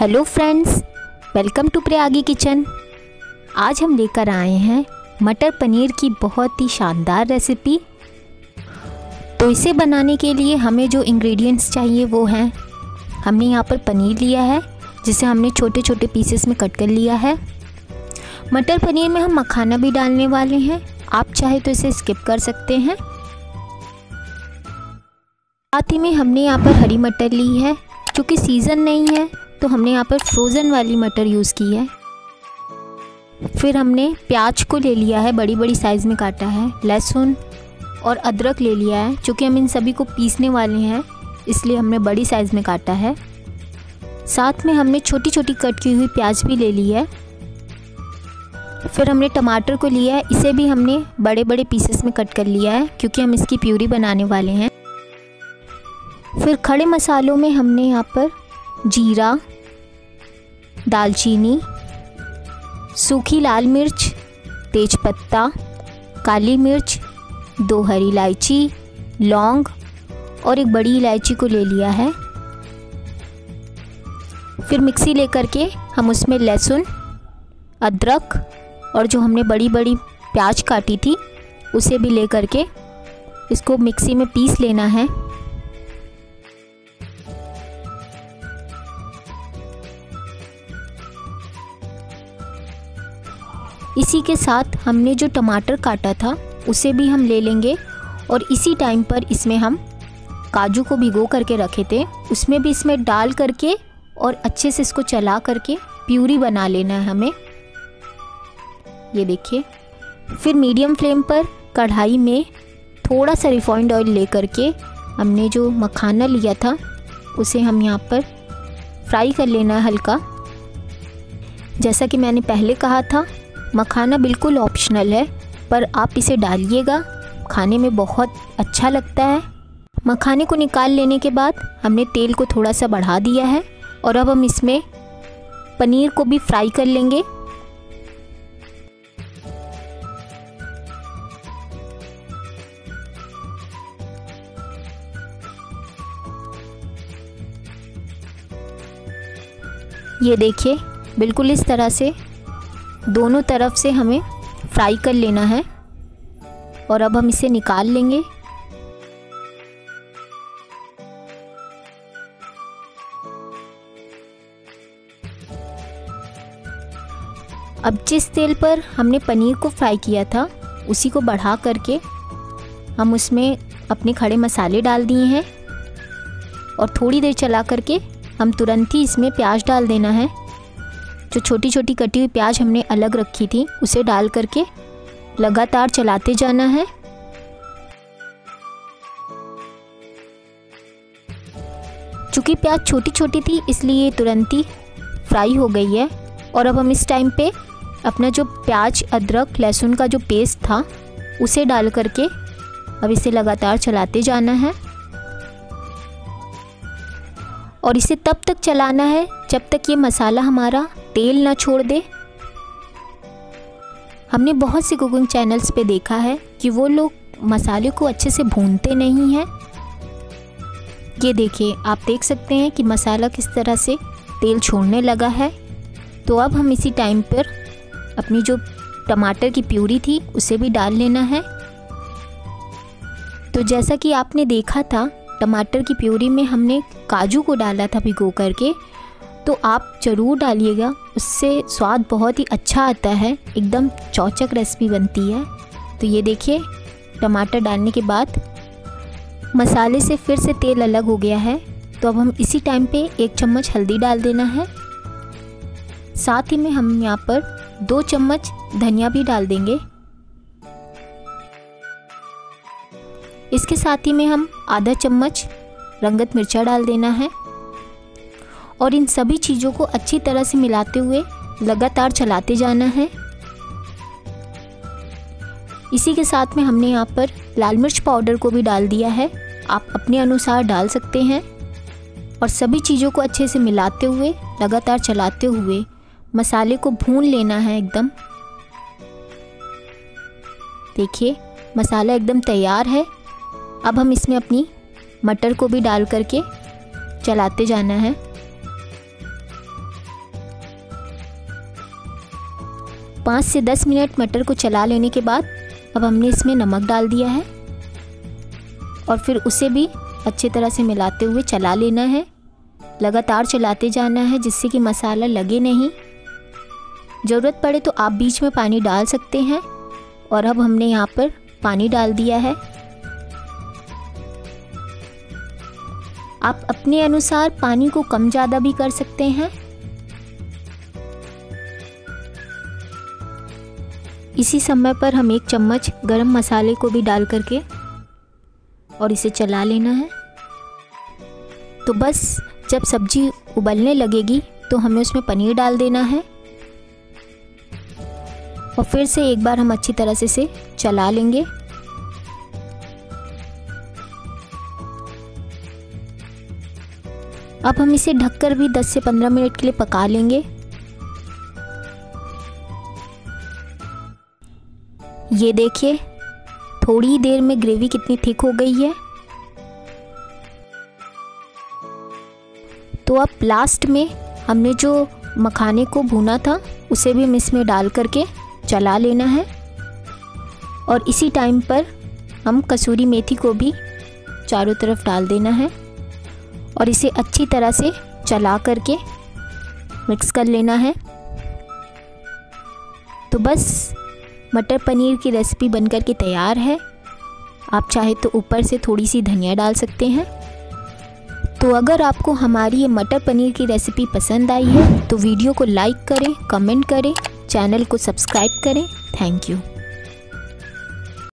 hello friends welcome to Prayagi kitchen आज हम लेकर आए हैं मटर पनीर की बहुत ही शानदार रेसिपी तो इसे बनाने के लिए हमें जो इंग्रेडिएंट्स चाहिए वो हैं हमने यहाँ पर पनीर लिया है जिसे हमने छोटे छोटे पीसेस में कट कर लिया है मटर पनीर में हम मखाना भी डालने वाले हैं आप चाहे तो इसे स्किप कर सकते हैं साथ ही में हमने यहाँ पर हरी मटर ली है क्योंकि सीज़न नहीं है तो हमने यहाँ पर फ्रोज़न वाली मटर यूज़ की है फिर हमने प्याज को ले लिया है बड़ी बड़ी साइज़ में काटा है लहसुन और अदरक ले लिया है चूँकि हम इन सभी को पीसने वाले हैं इसलिए हमने बड़ी साइज़ में काटा है साथ में हमने छोटी छोटी कट की हुई प्याज भी ले ली है फिर हमने टमाटर को लिया है इसे भी हमने बड़े बड़े पीसेस में कट कर लिया है क्योंकि हम इसकी प्यूरी बनाने वाले हैं फिर खड़े मसालों में हमने यहाँ पर जीरा दालचीनी सूखी लाल मिर्च तेज़पत्ता काली मिर्च दो हरी इलायची लौंग और एक बड़ी इलायची को ले लिया है फिर मिक्सी लेकर के हम उसमें लहसुन अदरक और जो हमने बड़ी बड़ी प्याज काटी थी उसे भी ले करके इसको मिक्सी में पीस लेना है इसी के साथ हमने जो टमाटर काटा था उसे भी हम ले लेंगे और इसी टाइम पर इसमें हम काजू को भिगो करके रखे थे उसमें भी इसमें डाल करके और अच्छे से इसको चला करके प्यूरी बना लेना है हमें ये देखिए फिर मीडियम फ्लेम पर कढ़ाई में थोड़ा सा रिफाइंड ऑयल ले करके हमने जो मखाना लिया था उसे हम यहाँ पर फ्राई कर लेना है हल्का जैसा कि मैंने पहले कहा था मखाना बिल्कुल ऑप्शनल है पर आप इसे डालिएगा खाने में बहुत अच्छा लगता है मखाने को निकाल लेने के बाद हमने तेल को थोड़ा सा बढ़ा दिया है और अब हम इसमें पनीर को भी फ्राई कर लेंगे ये देखिए बिल्कुल इस तरह से दोनों तरफ से हमें फ्राई कर लेना है और अब हम इसे निकाल लेंगे अब जिस तेल पर हमने पनीर को फ्राई किया था उसी को बढ़ा करके हम उसमें अपने खड़े मसाले डाल दिए हैं और थोड़ी देर चला करके हम तुरंत ही इसमें प्याज डाल देना है जो छोटी छोटी कटी हुई प्याज हमने अलग रखी थी उसे डाल करके लगातार चलाते जाना है चूँकि प्याज छोटी छोटी थी इसलिए तुरंत ही फ्राई हो गई है और अब हम इस टाइम पे अपना जो प्याज अदरक लहसुन का जो पेस्ट था उसे डाल करके अब इसे लगातार चलाते जाना है और इसे तब तक चलाना है जब तक ये मसाला हमारा तेल ना छोड़ दे हमने बहुत से कुकिंग चैनल्स पे देखा है कि वो लोग मसाले को अच्छे से भूनते नहीं हैं ये देखिए आप देख सकते हैं कि मसाला किस तरह से तेल छोड़ने लगा है तो अब हम इसी टाइम पर अपनी जो टमाटर की प्यूरी थी उसे भी डाल लेना है तो जैसा कि आपने देखा था टमाटर की प्यूरी में हमने काजू को डाला था भिगो करके तो आप ज़रूर डालिएगा उससे स्वाद बहुत ही अच्छा आता है एकदम चौचक रेसिपी बनती है तो ये देखिए टमाटर डालने के बाद मसाले से फिर से तेल अलग हो गया है तो अब हम इसी टाइम पे एक चम्मच हल्दी डाल देना है साथ ही में हम यहाँ पर दो चम्मच धनिया भी डाल देंगे इसके साथ ही में हम आधा चम्मच रंगत मिर्चा डाल देना है और इन सभी चीज़ों को अच्छी तरह से मिलाते हुए लगातार चलाते जाना है इसी के साथ में हमने यहाँ पर लाल मिर्च पाउडर को भी डाल दिया है आप अपने अनुसार डाल सकते हैं और सभी चीज़ों को अच्छे से मिलाते हुए लगातार चलाते हुए मसाले को भून लेना है एकदम देखिए मसाला एकदम तैयार है अब हम इसमें अपनी मटर को भी डाल करके चलाते जाना है पाँच से दस मिनट मटर को चला लेने के बाद अब हमने इसमें नमक डाल दिया है और फिर उसे भी अच्छे तरह से मिलाते हुए चला लेना है लगातार चलाते जाना है जिससे कि मसाला लगे नहीं ज़रूरत पड़े तो आप बीच में पानी डाल सकते हैं और अब हमने यहाँ पर पानी डाल दिया है आप अपने अनुसार पानी को कम ज़्यादा भी कर सकते हैं इसी समय पर हम एक चम्मच गरम मसाले को भी डाल करके और इसे चला लेना है तो बस जब सब्जी उबलने लगेगी तो हमें उसमें पनीर डाल देना है और फिर से एक बार हम अच्छी तरह से इसे चला लेंगे अब हम इसे ढककर भी 10 से 15 मिनट के लिए पका लेंगे ये देखिए थोड़ी देर में ग्रेवी कितनी थिक हो गई है तो अब लास्ट में हमने जो मखाने को भुना था उसे भी हम इसमें डाल करके चला लेना है और इसी टाइम पर हम कसूरी मेथी को भी चारों तरफ डाल देना है और इसे अच्छी तरह से चला करके मिक्स कर लेना है तो बस मटर पनीर की रेसिपी बनकर के तैयार है आप चाहे तो ऊपर से थोड़ी सी धनिया डाल सकते हैं तो अगर आपको हमारी ये मटर पनीर की रेसिपी पसंद आई है तो वीडियो को लाइक करें कमेंट करें चैनल को सब्सक्राइब करें थैंक यू